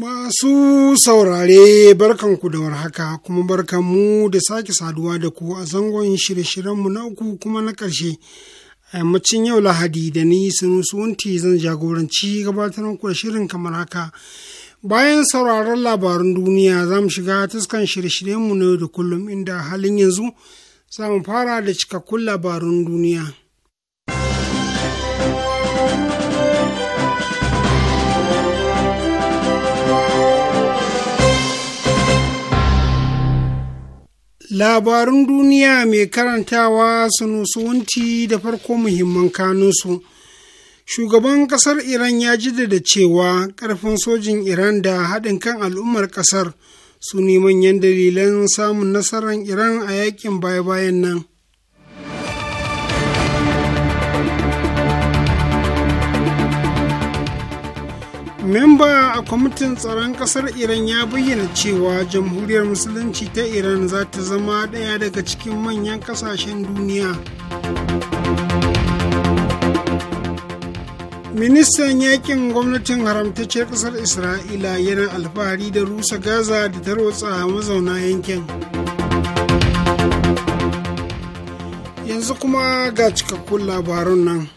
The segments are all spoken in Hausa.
Masu saurare barkanku da warhaka kuma barkanmu da sake saduwa da ku a zangon shirye-shiryenmu na uku kuma na ƙarshe. a yammacin yau lahadi da ni sunti zan jagoranci gabatar muku da shirin kamar haka bayan sauraron labarun duniya za mu shiga tuskan shirye-shiryenmu na yau da kullum inda halin yanzu za mu fara da cikakkun labarun duniya Labarun duniya mai karantawa sunusuwanti da farko muhimman kanunsu. Shugaban ƙasar Iran ya jaddada cewa ƙarfin sojin Iran da haɗin kan al'ummar ƙasar su neman manyan dalilan samun nasarar Iran a yakin baya-bayan nan. memba a kwamitin tsaron kasar iran ya bayyana cewa jamhuriyar musulunci ta iran za ta zama ɗaya daga cikin manyan kasashen duniya ministan yakin gwamnatin haramtacciyar kasar isra'ila yana alfahari da rusa gaza da tarwatsa mazauna yankin yanzu kuma ga cikakkun labarun nan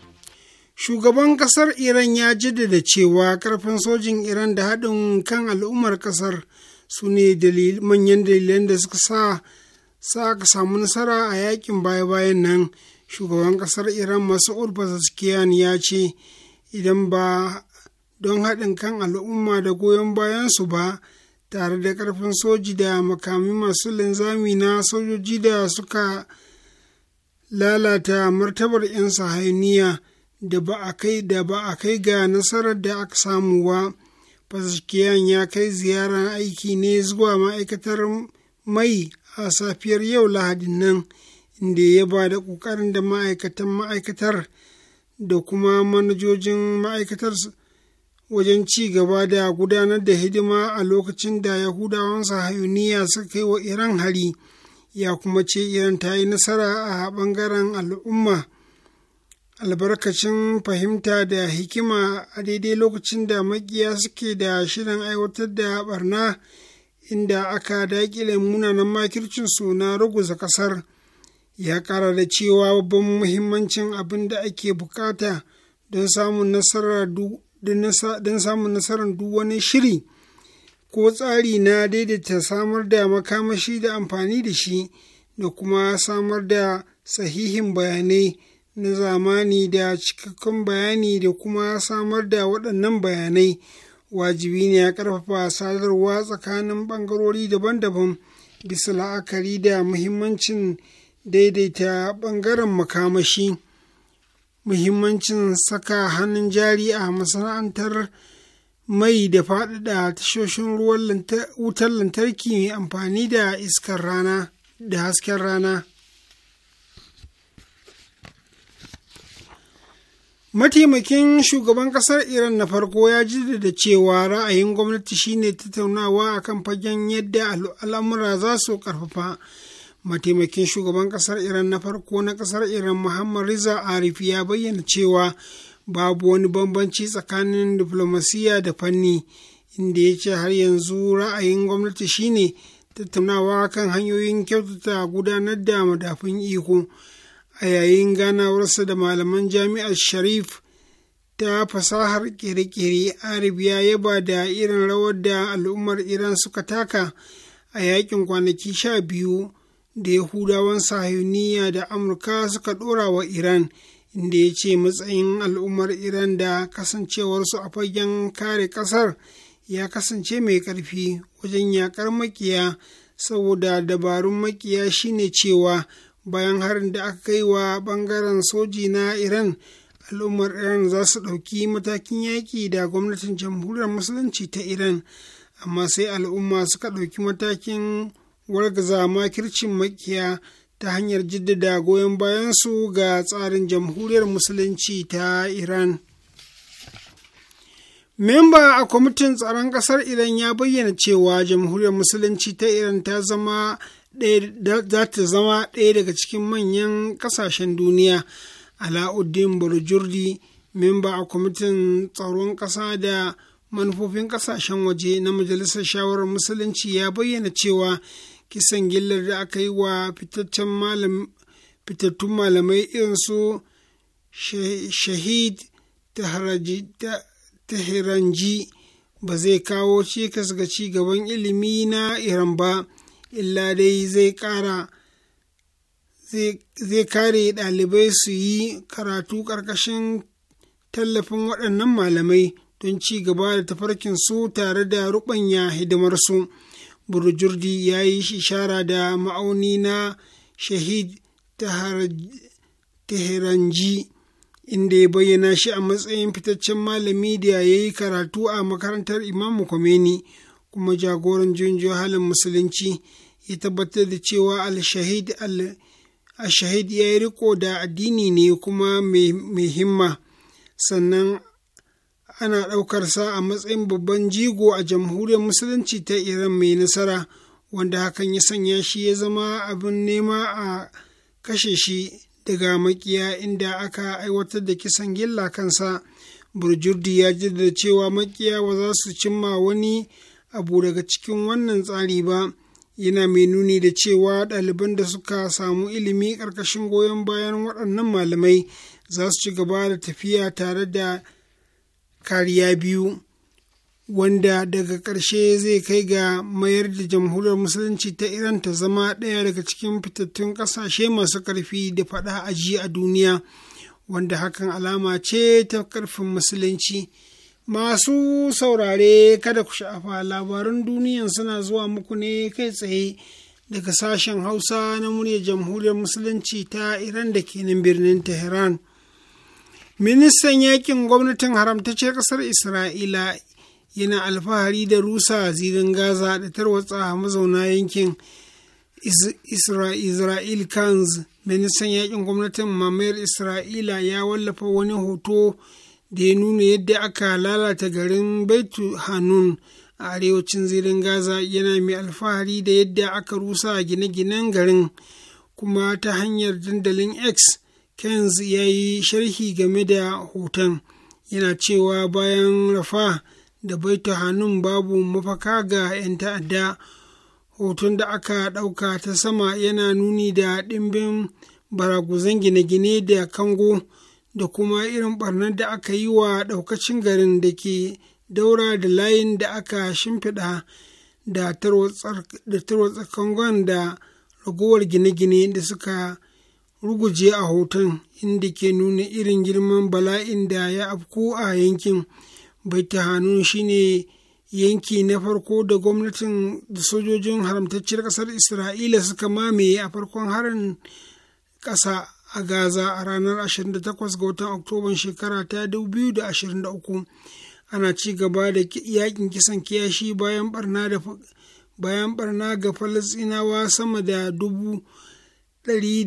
shugaban kasar iran ya jaddada cewa karfin sojin iran da haɗin kan al'ummar kasar su ne manyan dalilan da suka sa aka samu nasara a yakin baya-bayan nan shugaban ƙasar iran masu'ud basaskiyan ya ce idan ba don haɗin kan al'umma da goyon bayansu ba tare da karfin soji da makami masu linzami na sojoji da suka lalata martabar 'yan sahayniya da ba a kai da ba a kai ga nasarar da aka samu ba Fasaskiyan ya kai ziyarar aiki ne zuwa ma'aikatar mai a safiyar yau lahadin nan inda ya ba da ƙoƙarin da ma'aikatan ma'aikatar da kuma manajojin ma'aikatar wajen ci gaba da gudanar da hidima a lokacin da yahudawan sahayuniya suka kai wa iran hari ya kuma ce iran ta yi nasara a ɓangaren al'umma albarkacin fahimta da hikima a daidai lokacin da makiya suke da shirin aiwatar da barna inda aka daƙile munanan makircinsu na ruguza ƙasar ya ƙara da cewa babban muhimmancin abin da ake bukata don samun nasarar duk wani shiri ko tsari na daidaita samar da makamashi da amfani da shi da kuma samar da sahihin bayanai na zamani da cikakkun bayani da kuma samar da waɗannan bayanai wajibi ne ya ƙarfafa sadarwa tsakanin ɓangarori daban-daban bisa la'akari da muhimmancin daidaita ɓangaren makamashi muhimmancin saka hannun jari a masana'antar mai da faɗaɗa tashoshin ruwan wutar lantarki mai amfani da iskar rana da hasken rana Mataimakin shugaban ƙasar Iran na farko ya da cewa ra'ayin gwamnati shine tattaunawa a kan fagen yadda al'amura za su ƙarfafa. Mataimakin shugaban ƙasar Iran na farko na ƙasar Iran Muhammad Riza Arif ya bayyana cewa babu wani bambanci tsakanin diflomasiya da fanni inda ya ce har yanzu ra'ayin gwamnati shine tattaunawa kan hanyoyin kyautata gudanar da madafun iko. a yayin ganawarsa da malaman jami'ar sharif ta fasahar ƙere-ƙere arif ya yaba da irin rawar da al'ummar iran suka taka a yakin kwanaki sha biyu da yahudawan sahiyuniya da amurka suka ɗora wa iran inda ya ce matsayin al'ummar iran da kasancewarsu a fagen kare kasar ya kasance mai karfi wajen yaƙar makiya saboda dabarun makiya shine cewa bayan harin da aka kai wa bangaren soji na iran al'ummar iran za su ɗauki matakin yaƙi da gwamnatin jamhuriyar musulunci ta iran amma sai al'umma suka ɗauki matakin wargaza makircin makiya ta hanyar jaddada goyon bayansu ga tsarin jamhuriyar musulunci ta iran memba a kwamitin tsaron ƙasar iran ya bayyana cewa jamhuriyar musulunci ta iran ta zama za ta zama ɗaya daga cikin manyan ƙasashen duniya ala'uddin burjurdi memba a kwamitin tsaron ƙasa da manufofin ƙasashen waje na majalisar shawarar musulunci ya bayyana cewa kisan gillar da aka yi wa fitattun malamai irin su shahid tahranji ba zai kawo cikas ga ci gaban ilimi na iran ba illa dai zai kara zai kare ɗalibai su yi karatu ƙarƙashin tallafin waɗannan malamai don ci gaba da tafarkin su tare da ruɓanya hidimarsu burjurdi ya yi ishara da ma'auni na shahid taharanji inda ya bayyana shi a matsayin fitaccen malami da ya yi karatu a makarantar imamu kwameni kuma jagoran junjo halin musulunci ya tabbatar da cewa al-shahid al ya yi riko da addini ne kuma mai himma sannan ana ɗaukarsa a matsayin babban jigo a jamhuriyar musulunci ta iran mai nasara wanda hakan ya sanya shi ya zama abin nema a kashe shi daga makiya inda aka aiwatar da kisan gilla kansa burjurdi ya ji da cewa makiya ba za su cimma wani abu daga cikin wannan tsari ba yana mai nuni da cewa ɗaliban da suka samu ilimi ƙarƙashin goyon bayan waɗannan malamai za su ci gaba da tafiya tare da kariya biyu wanda daga ƙarshe zai kai ga mayar da jamhuriyar musulunci ta iran ta zama ɗaya daga cikin fitattun ƙasashe masu ƙarfi da faɗa aji a duniya wanda hakan alama ce ta ƙarfin musulunci. Masu saurare kada ku sha'afa labarun duniyan suna zuwa muku ne kai tsaye daga sashen Hausa na muryar Jamhuriyar Musulunci ta Iran da ke nan birnin Tehran. Ministan yakin gwamnatin haramtacciyar ƙasar Isra'ila yana alfahari da rusa zirin Gaza da tarwatsa mazauna yankin Isra'il Kanz. Ministan yakin gwamnatin mamayar Isra'ila ya wallafa wani hoto. da ya nuna yadda aka lalata garin baitu hanun a arewacin zirin gaza yana mai alfahari da yadda aka rusa gine-ginen garin kuma ta hanyar dandalin x kens ya yi sharhi game da hoton yana cewa bayan rafa da baitu hannun babu mafaka ga 'yan ta'adda hoton da aka ɗauka ta sama yana nuni da ɗimbin baraguzan gine-gine da kango da kuma irin barnar da aka yi wa ɗaukacin garin da ke daura da layin da aka shimfiɗa da tarwatsar kangon da ragowar gine-gine da suka ruguje a hoton inda ke nuna irin girman bala'in da ya afku a yankin ta hannu shine yanki na farko da gwamnatin da sojojin haramtacciyar ƙasar isra'ila suka mamaye a farkon harin ƙasa a Gaza a ranar 28 ga watan Oktoban shekara ta 2023 ana ci gaba da yakin kisan kiyashi bayan barna da bayan barna ga Falasɗinawa sama da dubu ɗari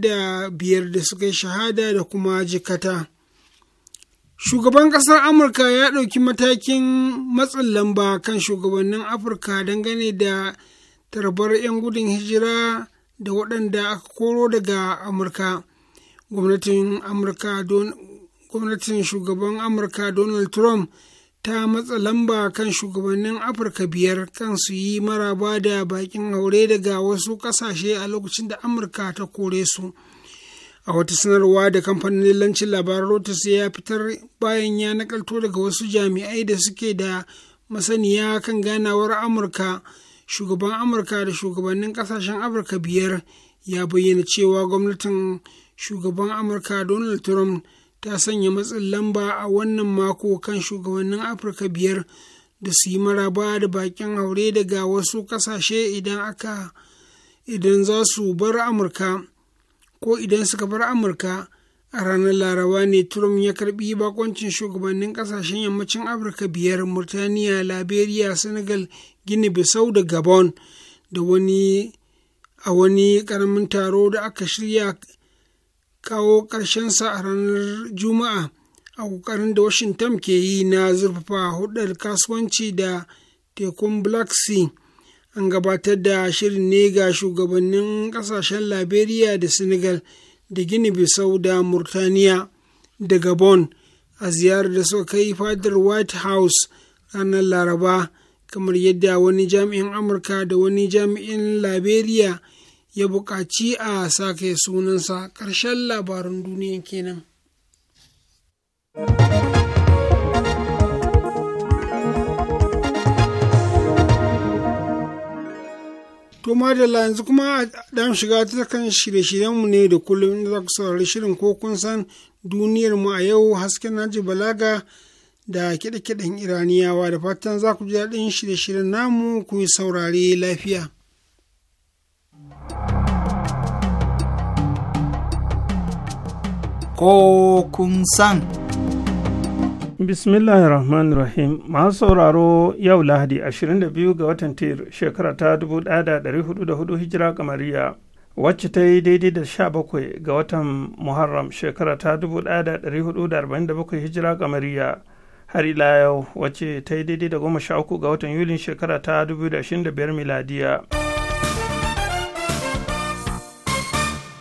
da biyar da suka yi shahada da kuma jikata. Shugaban ƙasar Amurka ya ɗauki matakin matsin lamba kan shugabannin Afirka dangane da tarbar 'yan gudun hijira da waɗanda aka koro daga amurka gwamnatin shugaban amurka donald trump ta matsa lamba kan shugabannin afirka biyar kan su yi maraba da bakin aure daga wasu ƙasashe a lokacin da amurka ta kore su a wata sanarwa da kamfanin lancin labaran rotus ya fitar bayan ya nakalto daga wasu jami'ai da suke da masaniya kan ganawar amurka shugaban amurka da shugabannin kasashen afirka biyar ya bayyana cewa gwamnatin shugaban amurka donald trump ta sanya matsin lamba a wannan mako kan shugabannin afirka biyar da su yi maraba da bakin haure daga wasu kasashe idan aka idan za su bar amurka ko idan suka bar amurka a ranar laraba ne trump ya karbi bakoncin shugabannin kasashen yammacin afirka biyar murtaniya liberia senegal gini bisau da gabon da wani a wani karamin taro da aka shirya kawo ƙarshensa a ranar juma'a a kokarin da washington ke yi na zurfafa hudar kasuwanci da tekun black sea an gabatar da shirin ne ga shugabannin kasashen liberia da senegal da gini bisau da murtaniya da gabon a ziyarar da suka kai fadar white house ranar laraba kamar yadda wani jami'in amurka da wani jami'in liberia ya buƙaci a sake sunansa ƙarshen labarin duniya kenan. To madalla yanzu kuma dan shiga ta kan shirye-shiryenmu ne da kullum za ku saurari shirin ko kun san duniyar a yau hasken Naji Balaga da kiɗe-kiɗen Iraniyawa da fatan za ku ji daɗin shirye-shiryen namu ku yi saurare lafiya. Ko kun san. Bismillahirrahmanirrahim Masu sauraro yau Lahadi 22 ga watan Tir shekara ta 1404 Hijira kamariya wacce ta yi daidai da 17 ga watan Muharram shekara ta 1447 Hijira kamariya har ila yau wacce ta yi daidai da 13 ga watan Yulin shekara ta 2025 miladiya.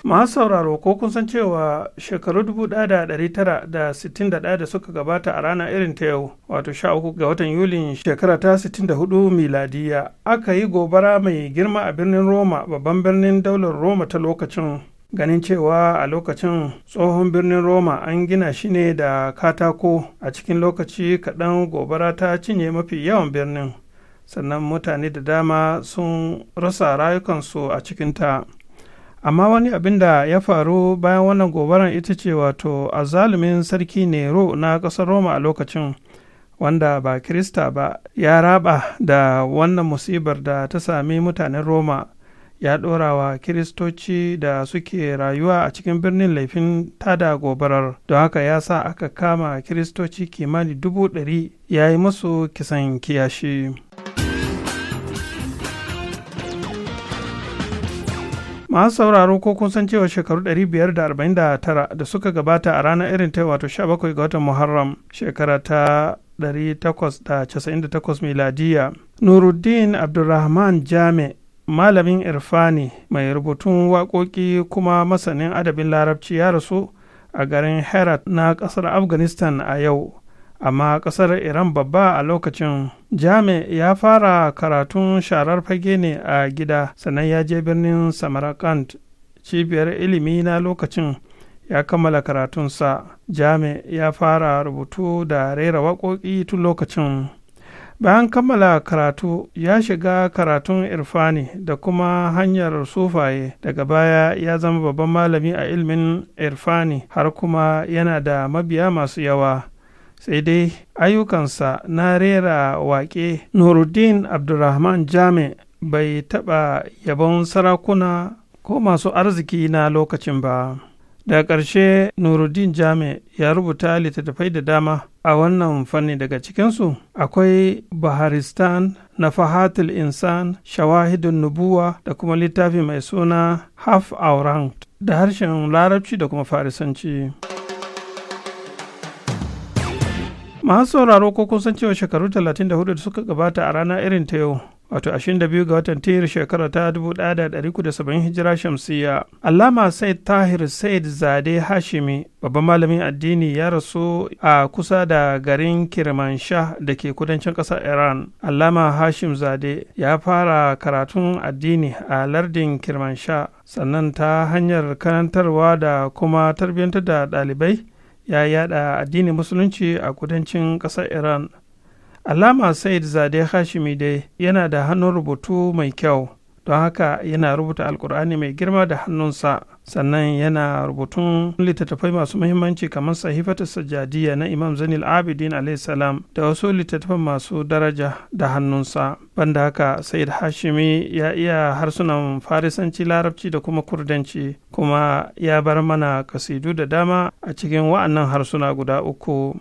masu sauraro ko kun san cewa shekaru 1961 da suka gabata a rana irin ta yau wato 13 ga watan yulin shekara ta 64 miladiya aka yi gobara mai girma a birnin roma babban birnin daular roma ta lokacin ganin cewa a lokacin tsohon birnin roma an gina shi ne da katako a cikin lokaci kaɗan gobara ta cinye mafi yawan birnin sannan mutane da dama sun rasa rayukansu a cikin ta. amma wani abin da ya faru bayan wannan gobaran ita ce wato a zalumin sarki nero na ƙasar roma a lokacin wanda ba kirista ba ya raba da wannan musibar da ta sami mutanen roma ya ɗora wa kiristoci da suke rayuwa a cikin birnin laifin tada gobarar don haka ya sa aka kama kiristoci kimanin dubu ɗari ya yi musu kisan kiyashi masu sauraro ko kun san cewa shekaru 549 da suka gabata a ranar irin ta wato 17 ga watan muharram shekara ta 898 miladiya nuruddin abdulrahman jami malamin irfani mai rubutun waƙoƙi kuma masanin adabin larabci ya rasu a garin herat na ƙasar afghanistan a yau amma ƙasar iran babba a lokacin jami ya fara karatun sharar fage ne a gida sannan ya je birnin samarkand cibiyar ilimi na lokacin ya kammala karatunsa jami ya fara rubutu da rera waƙoƙi tun lokacin bayan kammala karatu ya shiga karatun irfani da kuma hanyar sufaye daga baya ya zama babban malami a ilimin irfani har kuma yana da mabiya masu yawa sai dai ayyukansa na rera waƙe nuruddin abdulrahman jami bai taɓa yabon sarakuna ko masu arziki na lokacin ba da ƙarshe nuruddin jami ya rubuta littattafai da dama a wannan fanni daga cikinsu akwai baharistan na fahatul insan shawahidun nubuwa da kuma littafi mai suna half around da harshen larabci da kuma farisanci. masu sauraro ko kun san cewa shekaru 34 da suka gabata a rana irin ta yau wato 22 ga watan tiyar shekara ta 1970 hijira shamsiya Alama said tahir said zade hashimi babban malamin addini ya rasu a kusa da garin kirmanshah da ke kudancin ƙasar iran Alama hashim zade ya fara karatun addini a lardin kirmanshah sannan ta hanyar kanantarwa da kuma tarbiyyantar da ɗalibai ya yada addinin musulunci a kudancin kasar iran alama said zade hashimi dai yana da hannun rubutu mai kyau don haka yana rubuta alkur'ani mai girma da hannunsa sannan yana rubutun littattafai masu muhimmanci kamar sahifatu sajadiya na imam zanil abidin salam da wasu littattafan masu daraja da hannunsa banda haka said hashimi ya iya harsunan farisanci larabci da kuma kurdanci kuma ya bar mana kasidu da dama a cikin wa'annan harsuna guda uku.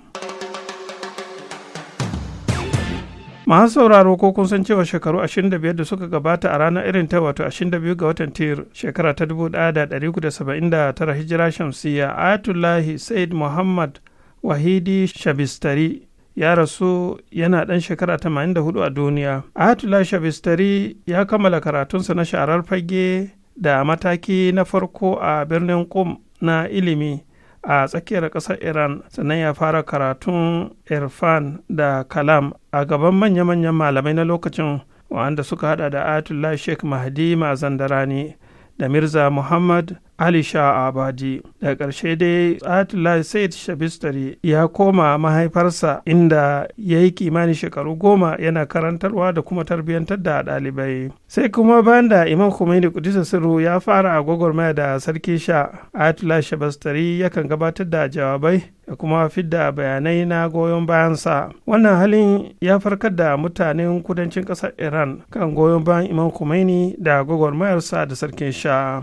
masu sauraro ko kun san cewa shekaru 25 da suka gabata a ranar irin ta wato 22 ga watan tir shekara ta 1979 hijira shamsiya ayatullahi said muhammad wahidi shabistari ya rasu yana ɗan shekara 84 a duniya ayatullahi shabistari ya kammala karatunsa na sharar fage da mataki na farko a birnin kum na ilimi a tsakiyar ƙasar iran sannan ya fara karatun irfan da kalam a gaban manya-manyan malamai na lokacin wa'anda suka hada da ayatollah sheikh mahdi mazandarani da mirza muhammad Ali sha Abadi. Da ƙarshe dai Ayatollah Said Shabistari ya koma mahaifarsa inda ya yi kimanin shekaru goma yana karantarwa da kuma tarbiyyantar da ɗalibai. Sai kuma bayan da Imam Khomeini Kudisa Sirru ya fara a gwagwarmaya da Sarki Sha Ayatollah Shabistari yakan gabatar da jawabai da kuma fidda bayanai na goyon bayansa wannan halin ya farkar da mutanen kudancin ƙasar iran kan goyon bayan imam khomeini da gwagwarmayarsa da sarkin sha.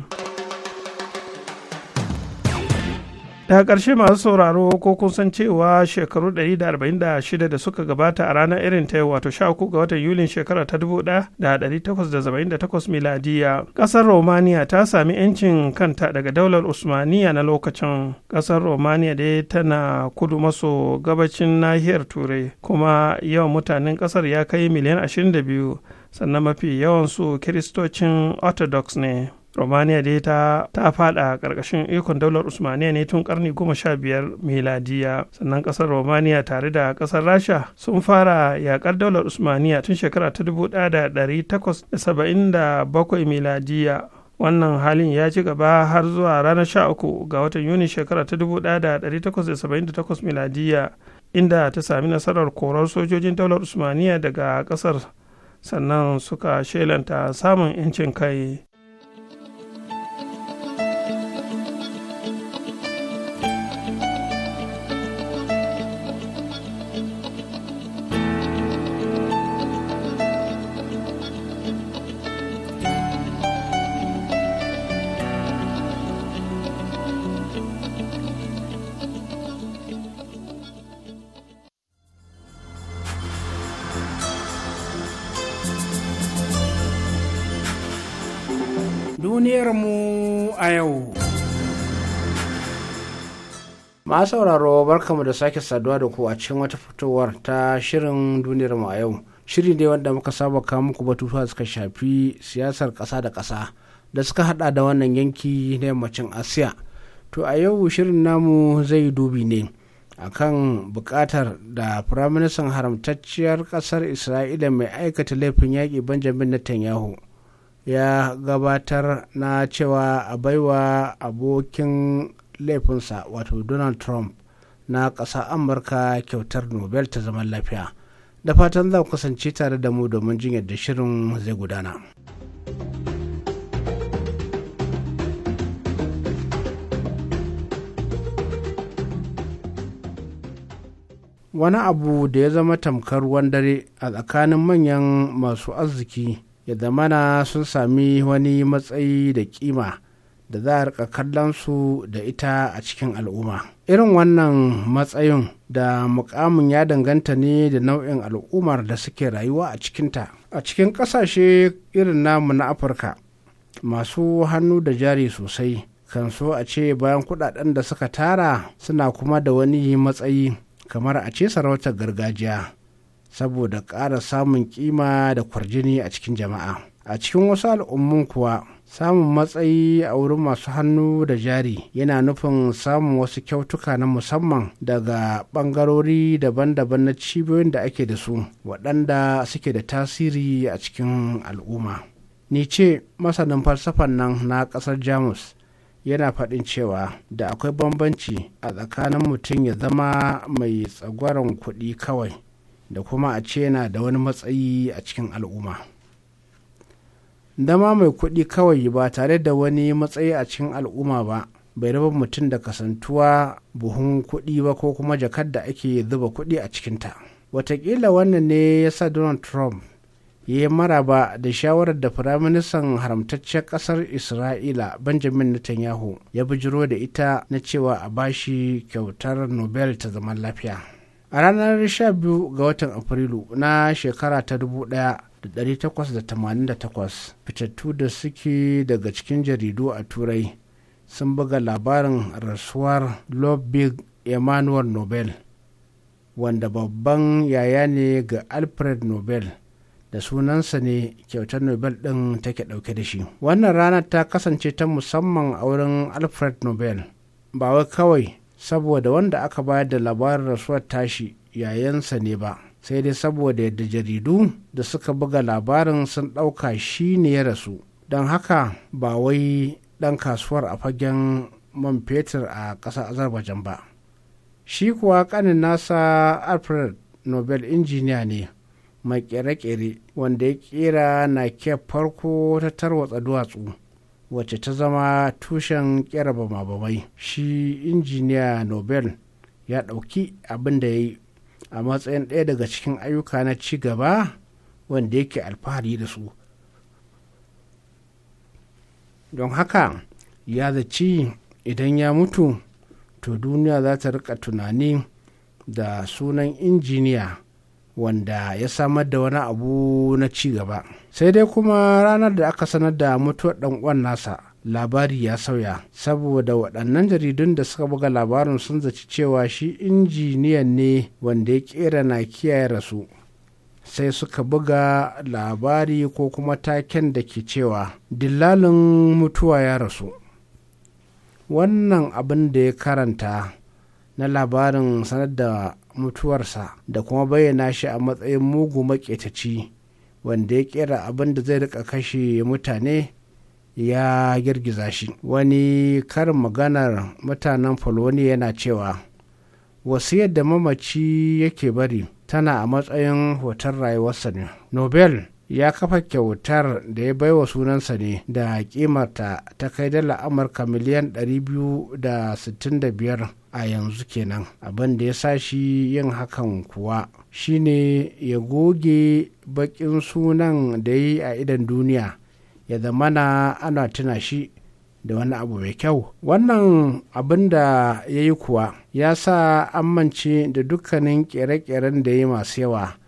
daga ƙarshe masu sauraro ko kun san cewa shekaru 146 da suka gabata a ranar irin ta wato 13 ga watan yulin shekara ta 1878 miladiya ƙasar romania ta sami 'yancin kanta daga daular usmaniya na lokacin ƙasar romania dai tana kudu maso gabacin nahiyar turai kuma yawan mutanen ƙasar ya kai miliyan 22 sannan mafi yawansu kiristocin orthodox ne romania dai ta ta fada karkashin ikon daular usmaniya ne tun karni goma sha biyar miladiya sannan kasar romania tare da kasar rasha sun fara yakar daular usmaniya tun shekara ta dubu da dari takwas da saba'in da bakwai miladiya wannan halin ya ci gaba har zuwa ranar sha ga watan yuni shekara ta dubu da dari takwas da saba'in da takwas miladiya inda ta sami nasarar korar sojojin daular usmaniya daga kasar sannan suka shelanta samun 'yancin kai mu a yau. Ma sauraro barkamu da sake saduwa da ku a cikin wata fitowar ta shirin duniyarmu a yau. Shiri ne wanda muka saba kawo muku batutuwa suka shafi siyasar ƙasa da ƙasa da suka hada da wannan yanki na yammacin Asiya. To a yau shirin namu zai dubi ne akan bukatar da firaministan haramtacciyar ƙasar Isra'ila mai aikata laifin yaƙi Benjamin Netanyahu. ya gabatar na cewa a baiwa abokin laifinsa wato donald trump na ƙasa amurka kyautar nobel ta zaman lafiya da fatan za ku kasance tare da mu domin jin yadda shirin zai gudana. wani abu da ya zama tamkar ruwan dare a tsakanin manyan masu arziki ya zamana sun sami wani matsayi da kima da za a rika kallon su da ita a cikin al'umma irin wannan matsayin da mukamin ya danganta ne da nau'in al'ummar da suke rayuwa a cikinta a cikin ƙasashe irin namu na afirka masu hannu da jari sosai kan so a ce bayan kudaden da suka tara suna kuma da wani matsayi kamar a ce sarautar gargajiya saboda ƙara samun kima da kwarjini a cikin jama'a a cikin wasu al'ummun kuwa samun matsayi a wurin masu hannu da jari yana nufin samun wasu kyautuka na musamman daga ɓangarori daban-daban na cibiyoyin da ake da su waɗanda suke da tasiri a cikin al'umma ni ce masanin falsafan nan na ƙasar jamus yana faɗin cewa da akwai bambanci a tsakanin mutum ya zama mai tsagwaron kuɗi kawai da kuma a ce yana da wani matsayi a cikin al'umma dama mai kuɗi kawai ba tare da wani matsayi a cikin al'umma ba bai raba mutum da kasantuwa buhun kuɗi ba ko kuma jakar da ake zuba kuɗi a cikinta watakila wannan ne ya sa donald trump ya yi maraba da shawarar da firaministan haramtaccen ƙasar isra'ila benjamin netanyahu ya bijiro da ita na cewa a bashi kyautar nobel ta zaman lafiya a ranar 12 ga watan afrilu na shekara ta 1888 fitattu da suke daga cikin jaridu a turai sun buga labarin rasuwar lobbig emmanuel nobel wanda babban yaya ne ga alfred nobel da sunansa ne kyautar nobel ɗin take ɗauke da shi wannan ranar ta kasance ta musamman a wurin alfred nobel ba wai kawai saboda wanda aka bayar da labarin rasuwar tashi yayansa ne ba sai dai saboda yadda jaridu da suka buga labarin sun ɗauka shi ne ya rasu don haka ba wai ɗan kasuwar a fagen man fetur a ƙasar azerbaijan ba shi kuwa ƙanin nasa alfred nobel injiniya ne mai ƙere-ƙere wanda ya ƙera na ke farko ta tarwatsa duwatsu wacce ta zama tushen kera bamabamai shi injiniya nobel ya ɗauki abin da ya yi a matsayin ɗaya daga cikin ayyuka na ci gaba wanda yake alfahari da su don haka ya zaci idan ya mutu to duniya za ta rika tunani da sunan injiniya wanda ya samar da wani abu na ci gaba sai dai kuma ranar da aka sanar da mutuwar dan uwan nasa labari ya sauya saboda waɗannan jaridun da suka buga labarin sun zaci cewa shi injiniyan ne wanda ya kera na kiyaye rasu sai suka buga labari ko kuma taken da ke cewa dillalin mutuwa ya rasu wannan abin da ya karanta na labarin sanar da mutuwarsa da kuma bayyana shi a matsayin mugu maƙetaci wanda ya kera abin da zai rika kashe mutane ya girgiza shi wani karin maganar mutanen Folwani yana cewa wasu yadda mamaci yake bari tana a matsayin hoton rayuwarsa ne nobel ya kafa kyautar da ya baiwa sunansa ne da kimarta ta kai dala amurka miliyan 265 a yanzu kenan abin da ya sa shi yin hakan kuwa shine ya goge bakin sunan da yi a idan duniya ya zamana ana tuna shi da wani abu mai kyau wannan abin da ya yi kuwa ya sa amince da dukkanin kere-keren da ya yi masu yawa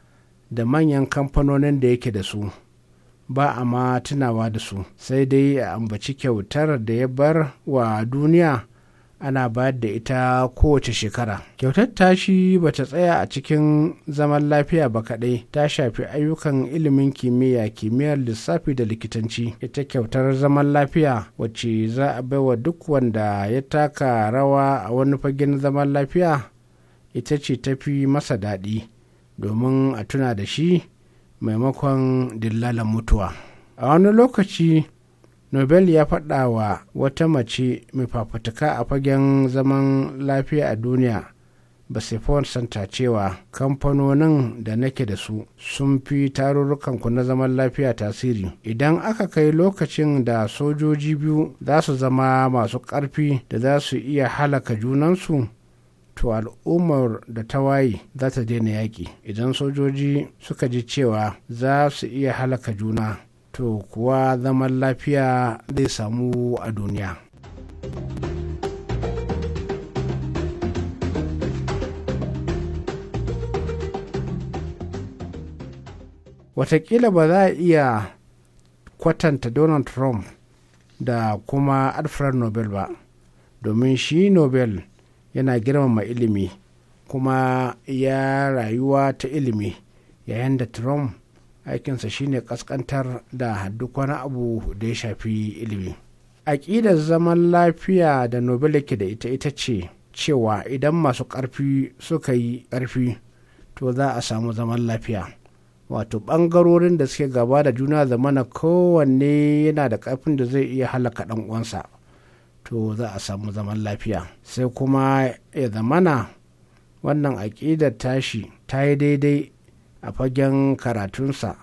da manyan kamfanonin da yake da su ba a ma tunawa da su sai dai a ambaci kyautar da ya bar wa duniya ana bayar da ita kowace shekara kyautar tashi ba ta tsaya a cikin zaman lafiya ba kaɗai ta shafi ayyukan ilimin kimiyya kimiyyar lissafi da likitanci ita kyautar zaman lafiya wacce za a bai wa duk wanda ya taka rawa a wani fagen zaman lafiya ita ce tafi masa daɗi domin a tuna da shi maimakon dillalan mutuwa a wani lokaci nobel ya faɗa wa wata mace mai fafutuka a fagen zaman lafiya a duniya basifon santa cewa kamfanonin da nake da su sun fi tarurrukanku na zaman lafiya tasiri idan aka kai lokacin da sojoji biyu za su zama masu ƙarfi da za su iya halaka junansu to al'ummar da ta waye za ta daina yaƙi idan sojoji suka ji cewa za su iya halaka juna to kuwa zaman lafiya zai samu a duniya watakila ba za a iya kwatanta donald trump da kuma alfred nobel ba domin shi nobel yana girmama ilimi kuma ya rayuwa ta ilimi yayin da trump aikinsa shine kaskantar da duk wani abu da ya shafi ilimi aƙidar zaman lafiya da nobel da ita ita ce cewa idan masu ƙarfi suka yi ƙarfi to za a samu zaman lafiya wato ɓangarorin da suke gaba da juna zamana kowanne yana da ƙarfin da zai iya halaka ɗan uwansa to za a samu zaman lafiya sai kuma ya zamana wannan aƙidar tashi ta yi daidai a fagen karatunsa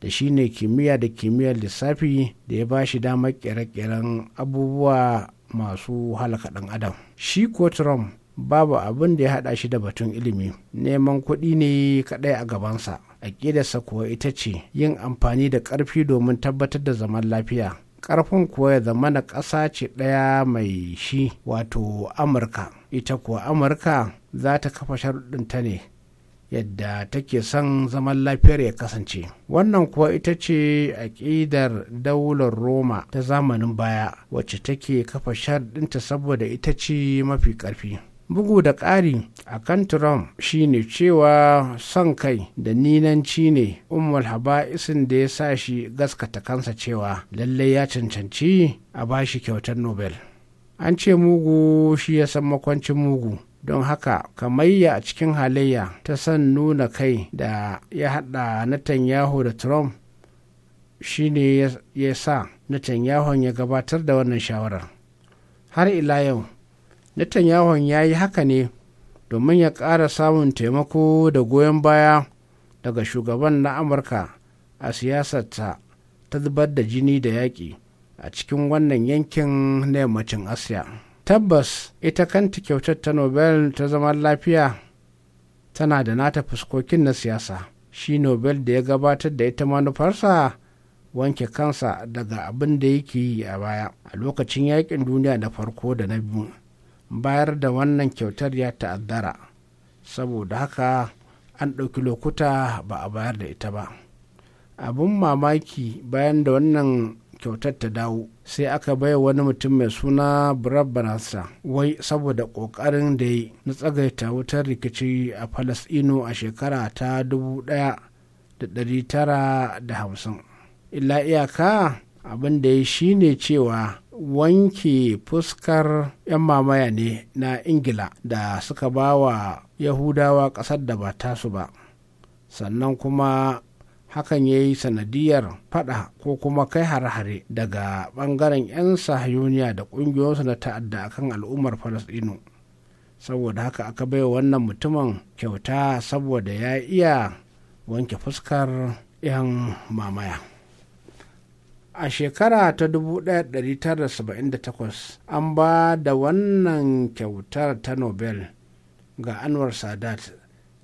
da shi ne kimiyya da kimiyyar lissafi da ya ba shi damar ƙere-ƙeren abubuwa masu halaka ɗan adam shi ko trump babu abin da ya haɗa shi da batun ilimi neman kuɗi ne kaɗai a gabansa aƙidarsa kuwa ita ce yin amfani da ƙarfi domin tabbatar da zaman lafiya ƙarfin kuwa ya zama na ƙasa ce ɗaya mai shi wato amurka ita kuwa amurka za ta kafa sharuɗinta ne yadda take son zaman lafiyar ya kasance wannan kuwa ita ce aƙidar daular roma ta zamanin baya wacce take kafa sharɗinta saboda ita ce mafi ƙarfi bugu da ƙari a kan trump shine cewa son kai da ninanci ne ummul haba'isin da ya sa shi gaskata kansa cewa lallai ya cancanci a bashi kyautar nobel an ce mugu shi ya san makwancin mugu don haka kamayya a cikin halayya ta son nuna kai da ya haɗa Netanyahu da trump shine ya sa Netanyahu ya gabatar da wannan shawarar har ila yau netanyahu ya yi haka ne domin ya ƙara samun taimako da goyon baya daga shugaban na amurka a siyasarta ta zubar da jini da yaƙi a cikin wannan yankin na yammacin asiya tabbas ita kanta kyautar ta nobel ta zaman lafiya tana da nata fuskokin na siyasa shi nobel da ya gabatar da ita manufarsa wanke kansa daga abin da yake yi a baya a lokacin yaƙin duniya na farko da na biyu bayar da wannan kyautar ya ta'addara, saboda haka an ɗauki lokuta ba a bayar da ita ba abin mamaki bayan da wannan kyautar ta dawo sai aka bai wani mutum mai suna brad wai saboda ƙoƙarin da ya na tsagaita wutar rikici a falasɗinu a shekara ta 1950 illa iyaka abin da ya shine cewa wanke fuskar 'yan mamaya ne na ingila da suka ba wa yahudawa ƙasar da ba tasu ba sannan kuma hakan ya yi sanadiyar fada ko kuma kai hare-hare daga bangaren 'yan sahayuniya da ƙungiyoyinsu na ta'adda a kan al'ummar falasɗinu saboda haka aka bai wannan mutumin kyauta saboda ya iya wanke fuskar 'yan mamaya. a shekara ta 1978 an ba da wannan kyautar ta nobel ga anwar sadat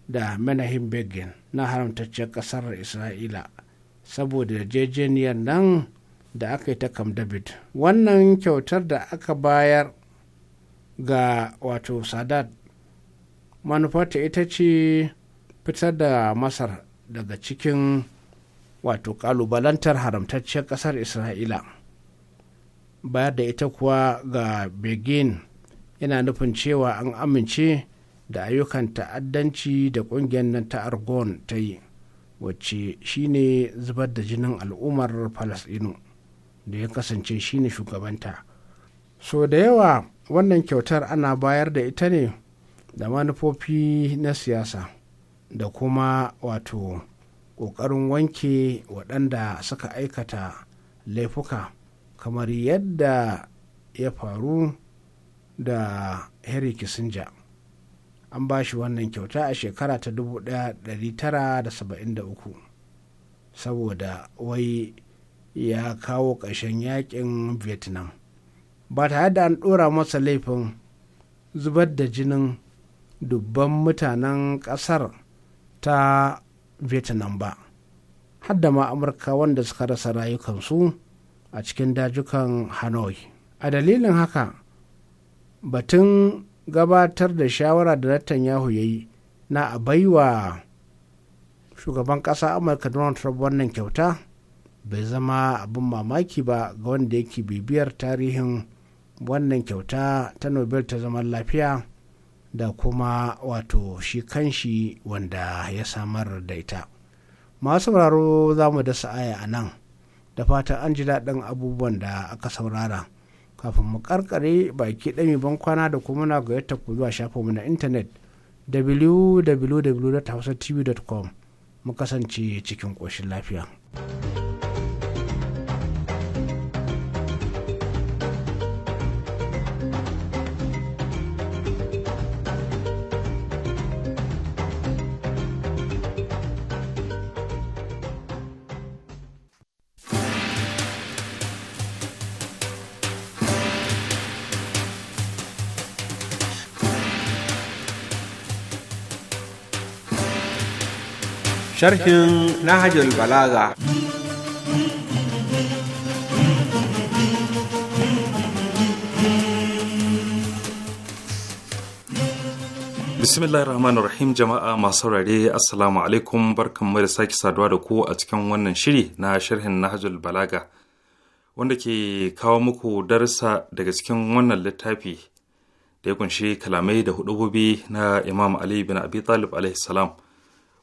da menahim begin na haramtaccen kasar isra'ila saboda yarjejeniyar nan da aka yi ta kam david wannan kyautar da aka bayar ga wato sadat manufarta ita ce fitar da masar daga cikin wato kalubalantar haramtacciyar ƙasar isra'ila bayar da ita kuwa ga begin yana nufin cewa an amince da ayyukan ta'addanci da ƙungiyar nan ta argon ta yi wacce shine zubar da jinin al'ummar falasɗinu da ya kasance shine shugabanta so da yawa wannan kyautar ana bayar da ita ne da manufofi na siyasa da kuma wato ƙoƙarin wanke waɗanda suka aikata laifuka kamar yadda ya faru da Henry Kissinger. An ba shi wannan kyauta a shekara ta 1973 saboda wai ya kawo ƙarshen yakin Vietnam. Ba tare da an ɗora masa laifin zubar da jinin dubban mutanen ƙasar ta vietnam ba hadda ma amurka wanda suka rasa rayukansu a cikin dajukan hanoi a dalilin haka batun gabatar da shawara da netanyahu ya yi na a baiwa shugaban ƙasa amurka donald trump wannan kyauta bai zama abin mamaki ba ga wanda yake bibiyar tarihin wannan kyauta ta nobel ta zaman lafiya da kuma wato shi kanshi wanda ya samar da ita masu sauraro za mu dasa aya a nan da fatan an ji daɗin abubuwan da aka saurara kafin mu karkare baki ɗami ban kwana da kuma na ga yadda ku zuwa mu na intanet www.hausatv.com mu kasance cikin ƙoshin lafiya. sharhin Nahajul Balaga. Bismillahir Rahmanir Rahim jama'a masu saurare Assalamu alaikum barkanmu da sake saduwa da ku a cikin wannan shiri na sharhin Nahajul Balaga wanda ke kawo muku darsa daga cikin wannan littafi da ya kunshi kalamai da hudubobi na Imam Ali bin Abi Talib alaihi salam.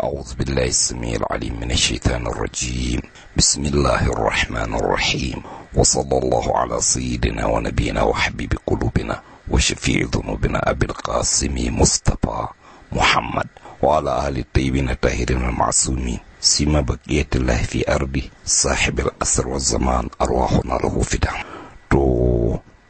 أعوذ بالله السميع العليم من الشيطان الرجيم بسم الله الرحمن الرحيم وصلى الله على سيدنا ونبينا وحبيب قلوبنا وشفيع ذنوبنا أبي القاسم مصطفى محمد وعلى آل الطيبين الطاهرين المعصومين سيما بقية الله في أربي صاحب الأسر والزمان أرواحنا له فدا تو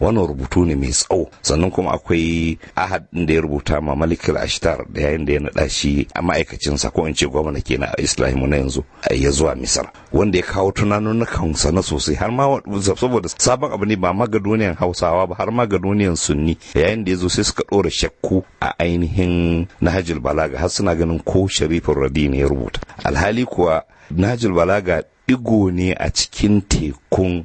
wannan rubutu ne mai tsawo sannan kuma akwai ahad din da ya rubuta ma malikul ashtar da yayin da ya naɗa shi a ma'aikacinsa ko in ce gwamna kenan a islamu na yanzu ya zuwa misar wanda ya kawo tunanin sa na sosai har ma saboda sabon abu ne ba magadoniyan hausawa ba har ma magadoniyan sunni yayin da ya zo sai suka ɗora shakku a ainihin nahajul balaga har suna ganin ko sharifin radi ne ya rubuta alhali kuwa nahajul balaga digo ne a cikin tekun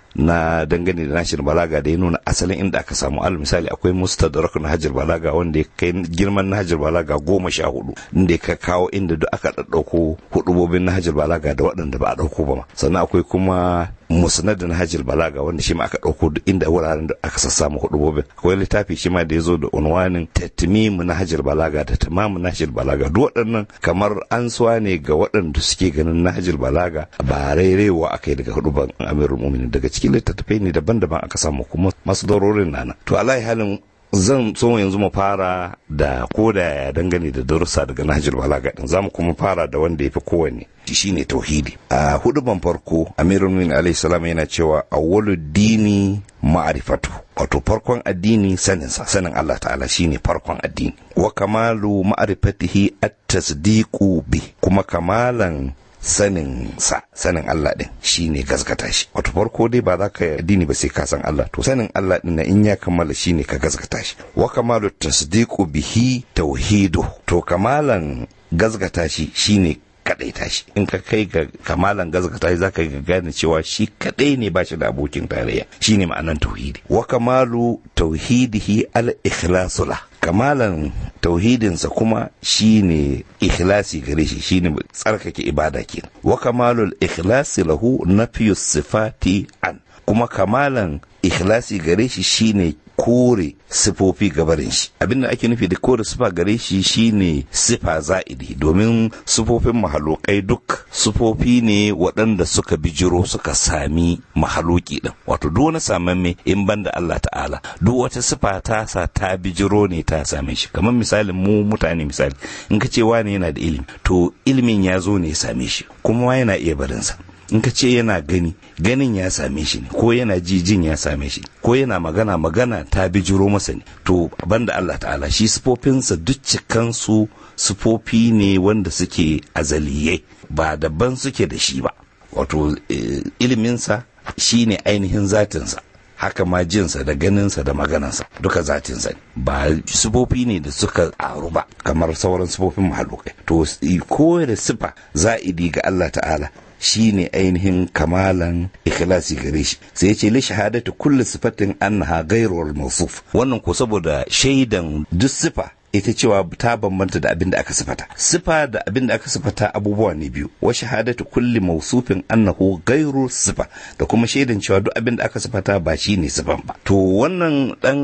na dangane da nashin balaga da ya nuna asalin inda aka samu al misali akwai mustadrak na hajar balaga wanda ya kai girman na hajar balaga goma sha hudu inda ya kawo inda duk aka ɗaɗɗauko hudubobin na hajar balaga da waɗanda ba a ɗauko ba sannan akwai kuma musnadin hajjil balaga wanda shi ma aka ɗauko duk inda wuraren da aka sassamu hudubobin akwai littafi shi ma da ya zo da unwanin tatmimu na hajjil balaga da tamamu na hajjil balaga duk waɗannan kamar an suwa ne ga waɗanda suke ganin na hajjil balaga ba rairewa aka yi daga ban amirul mumini daga cikin littattafai ne daban-daban aka samu kuma masu na nana to alai halin zan so yanzu mu fara da ko da ya dangane da darussa daga nahjul balaga din zamu kuma fara da wanda yafi kowanne shine tauhidi a huduban farko amirul mu'minin alaihi salam yana cewa awwalu dini ma'rifatu wato farkon addini sanin sa sanin Allah ta'ala shine farkon addini wa kamalu ma'rifatihi at-tasdiqu bi kuma kamalan sanin sa sanin Allah din shine gaskata shi wato farko dai ba za ka addini ba sai ka san Allah to sanin Allah din na in ya kammala shine ka gaskata shi wa kamalu tasdiqu bihi tauhidu to kamalan gaskata shi shine kadaita shi in ka kai ga kamalan gazgata shi zaka ga gane cewa shi kadai ne ba shi da abokin tarayya shine ma'anan tauhidi wa kamalu tauhidihi al ikhlasu kamalan tauhidinsa kuma shine ikhlasi gare shi shine tsarkake ibada ke wa kamalul ikhlasi lahu nafiyus sifati an kuma kamalan ikhlasi gare shi shine kore sifofi gabarin shi abin da ake nufi da kore sifa gare shi shine sifa za'idi domin sifofin mahalokai duk sifofi ne waɗanda suka bijiro suka sami mahaloki din wato duk wani me in ban da Allah ta'ala duk wata sifa ta sa ta bijiro ne ta same shi kamar misalin mu mutane misali in ka ce wani yana da ilimi to ilimin ya zo ne ya same shi kuma yana iya barinsa in ka ce yana gani ganin ya same shi ne ko yana jijin ya same shi ko yana magana magana ta bijiro masa ne to banda Allah ta'ala shi sufofinsa duk cikansu sufofi ne wanda suke azaliye ba daban suke da shi ba wato eh, iliminsa shi ne ainihin zatinsa haka ma jinsa da ganinsa da maganansa duka zatinsa ne ba sufofi ne da suka aru ba kamar sauran sufofin mahalukai to ko da sifa za'idi ga Allah ta'ala shi ne ainihin kamalan ikhlasi gare shi sai ce li shahadatu kulli sifatin annaha ghairu al mawsuf wannan ko saboda shaidan duk sifa ita cewa ta bambanta da abin da aka sifata sifa da abin da aka sifata abubuwa ne biyu wa shahadatu kulli mawsufin annahu ghairu sifa da kuma shaidan cewa duk abin da aka sifata ba shi ne sifan ba to wannan dan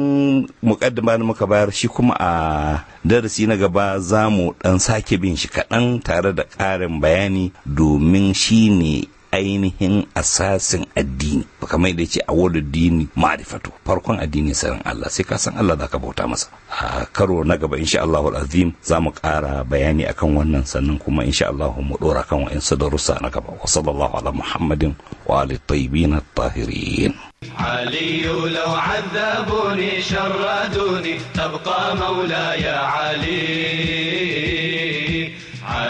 mukaddima muka bayar shi kuma a darasi na gaba zamu mu dan sake bin shi kaɗan tare da ƙarin bayani domin shi ne ainihin asasin addini kamar da ce a wadda dini fato farkon addini sanin Allah sai ka san Allah zaka bauta masa a karo na gaba insha Allah azim za mu ƙara bayani akan wannan sannan kuma insha Allah mu dora kan wa'in su darussa na gaba wa sallallahu ala muhammadin wa ali tayyibin tahirin علي لو عذبوني شردوني تبقى مولاي علي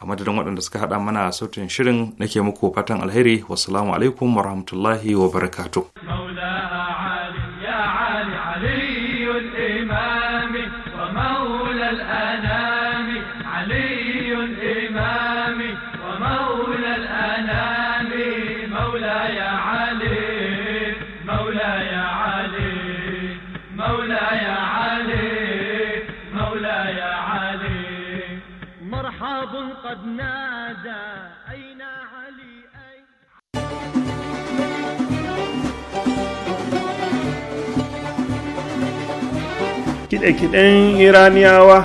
a madadin waɗanda suka haɗa mana sautin shirin nake muku fatan alheri wasu alaikum warahmatullahi wabarakatuh kiɗe-kiɗen iraniyawa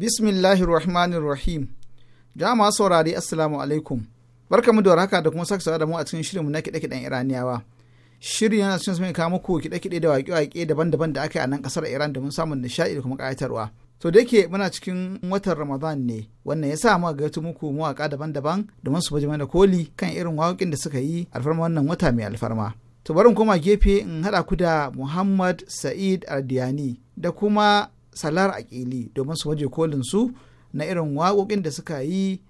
bismillahirrahmanirrahim rahmanir jama'a saurari assalamu alaikum barkamu da warhaka da kuma saka da mu a cikin shirinmu na kiɗe-kiɗen iraniyawa shirin yana cikin sun kawo muku kiɗe-kiɗe da waƙe-waƙe daban-daban da aka yi a nan ƙasar iran domin samun nishaɗi da kuma ƙayatarwa to da yake muna cikin watan ramadan ne wannan ya sa muka gaito muku mawaka daban-daban domin su baje mana koli kan irin waƙoƙin da suka yi alfarma wannan wata mai alfarma to bari koma gefe in haɗa ku da muhammad sa'id ardiyani da kuma salar aƙili domin su waje kolin su na irin waƙoƙin da suka yi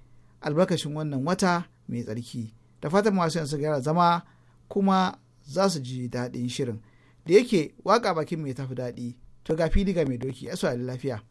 albarkacin wannan wata mai tsarki da fatan masu yansu gara zama kuma za su ji daɗin shirin da yake waƙa bakin mai tafi daɗi to ga fili ga mai doki ya lafiya.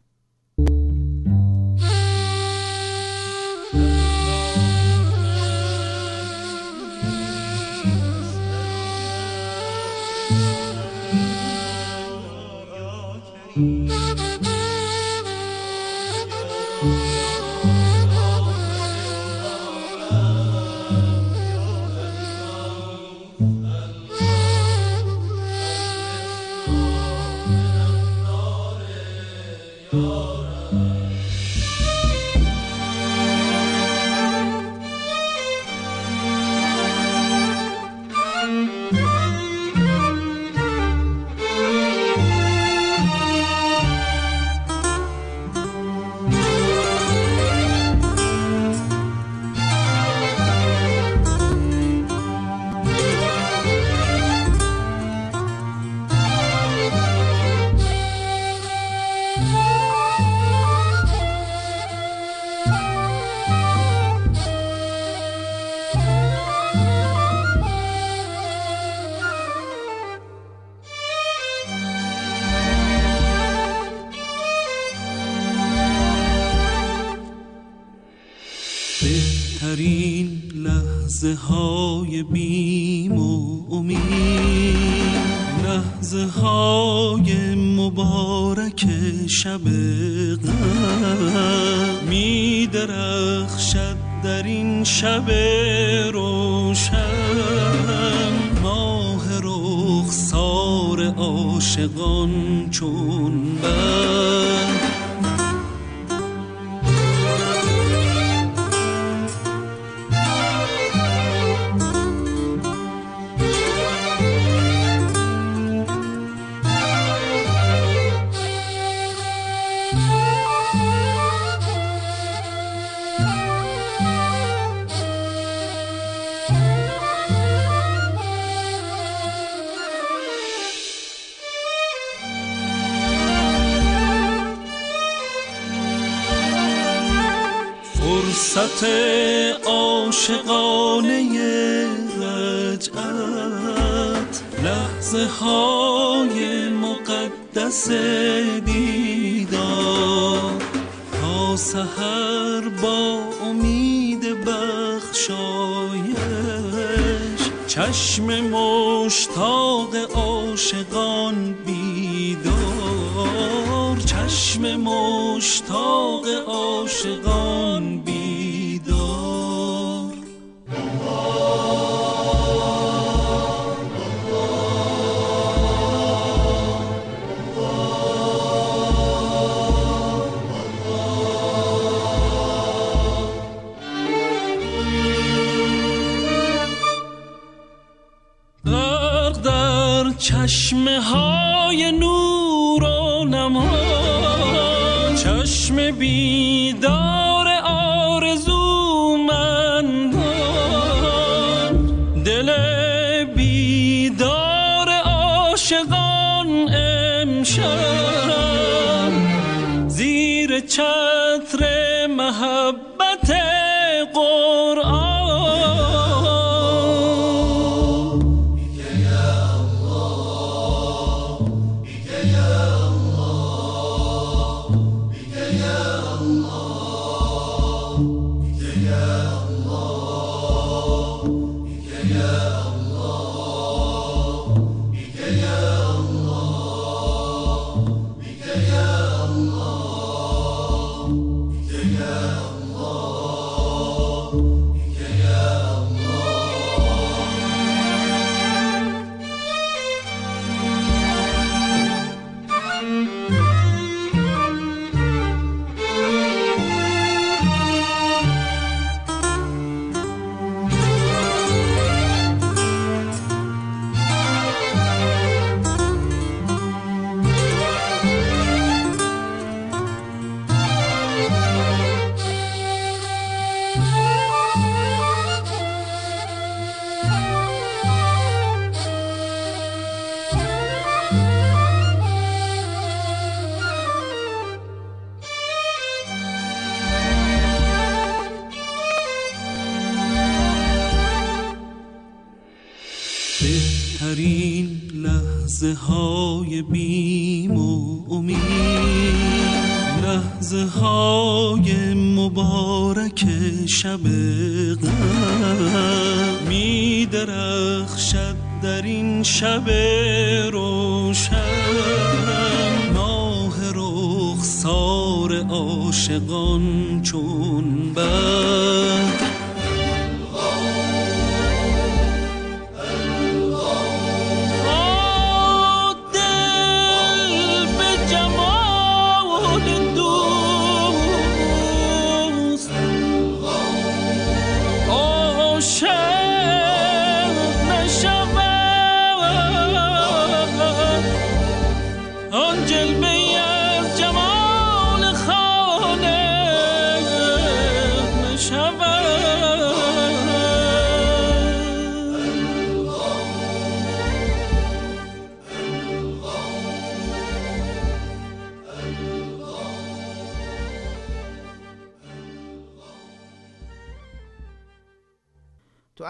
وقت عاشقانه رجعت لحظه های مقدس دیدار تا سهر با امید بخشایش چشم مشتاق عاشقان بیدار چشم مشتاق عاشقان world.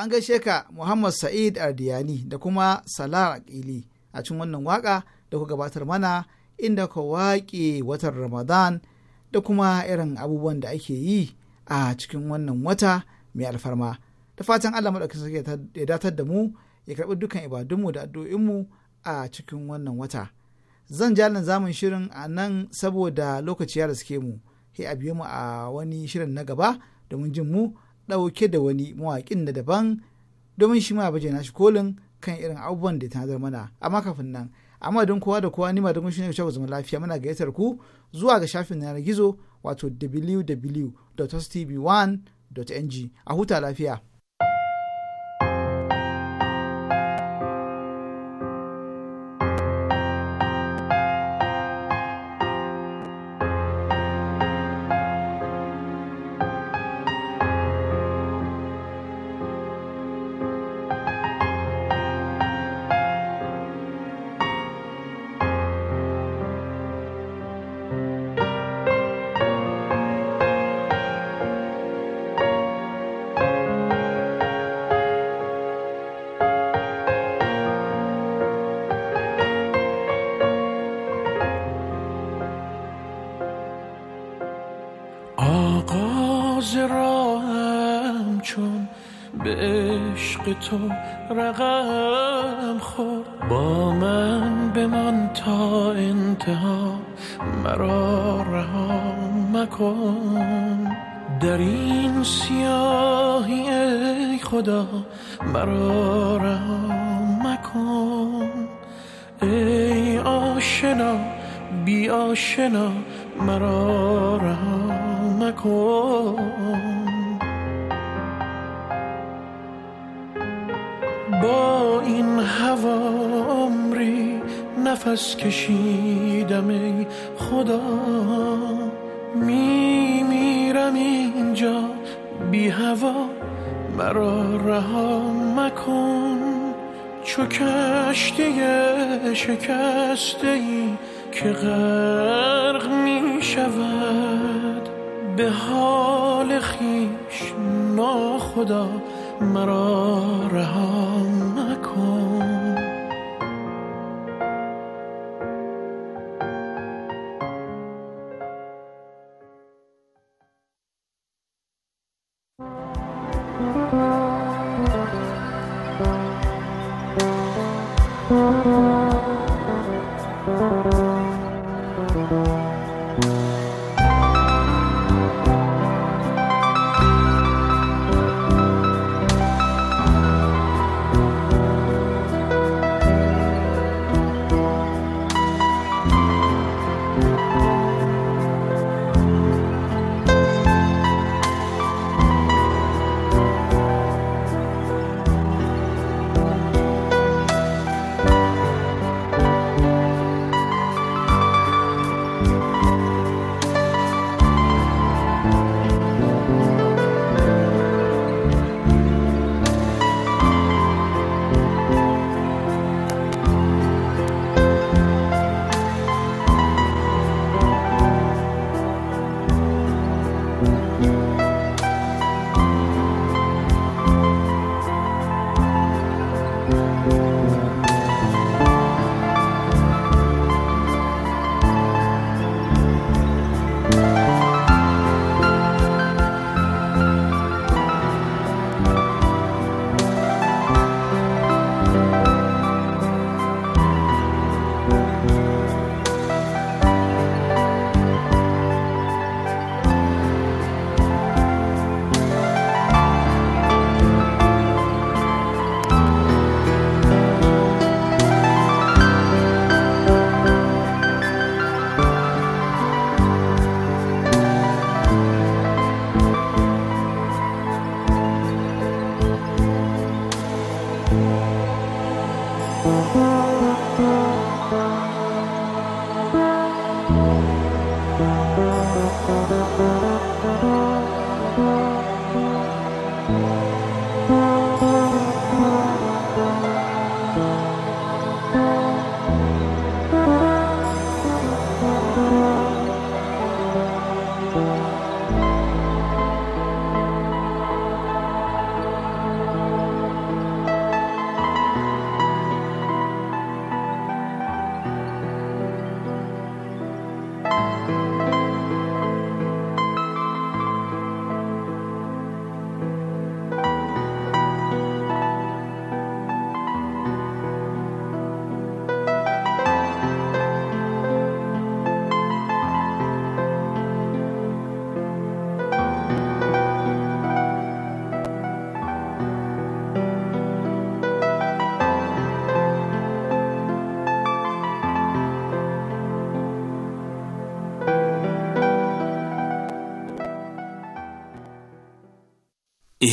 an gaishe ka Muhammad Sa'id Ardiyani da kuma Salah Aqili a cikin wannan waka da ku gabatar mana inda ka waƙe watan Ramadan da kuma irin abubuwan da ake yi a cikin wannan wata mai alfarma. Da fatan Allah maɗaukakin sarki ya datar da mu ya karɓi dukkan ibadunmu da addu'o'inmu a cikin wannan wata. Zan jalin zamun shirin a nan saboda lokaci ya suke mu. Sai a biyo mu a wani shirin na gaba domin jin mu ɗauke da wani mawaƙin na daban domin shi ma baje na shi kolin kan irin abubuwan da ta mana amma kafin nan amma don kowa da kowa nima da kun shine ku zama lafiya muna gayyatar ku zuwa ga shafin yanar gizo wato www.tv1.ng a huta lafiya تو رقم خورد با من بمان تا انتها مرا رها مکن در این سیاهی ای خدا مرا رها مکن ای آشنا بی آشنا مرا رها مکن این هوا عمری نفس کشیدم ای خدا می میرم اینجا بی هوا مرا رها مکن چو کشتی شکسته ای که غرق می شود به حال خیش ناخدا مرا رها مکن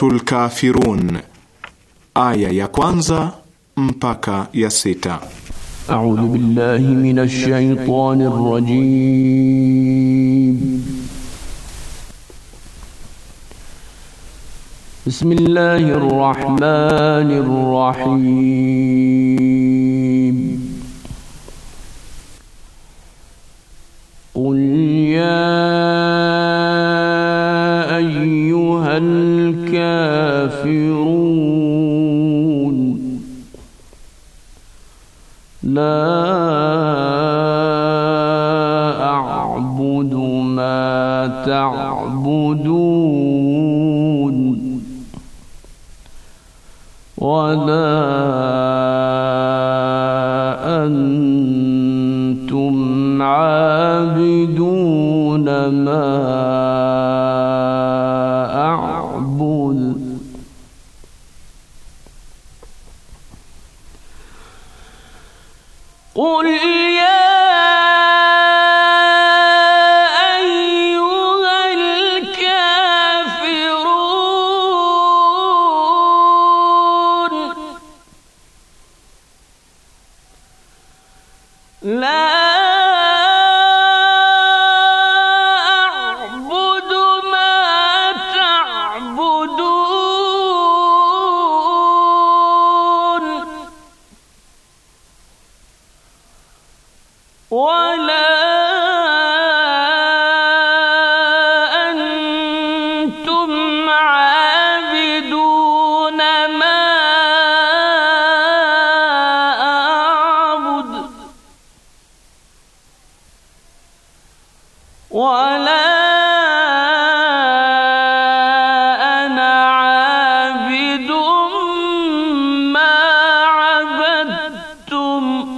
Suratul Kafirun aya ya kwanza mpaka ya sita. A'udhu billahi minash shaitanir rajim. Bismillahir rahmanir rahim. تعبدون ولا أنتم عابدون ما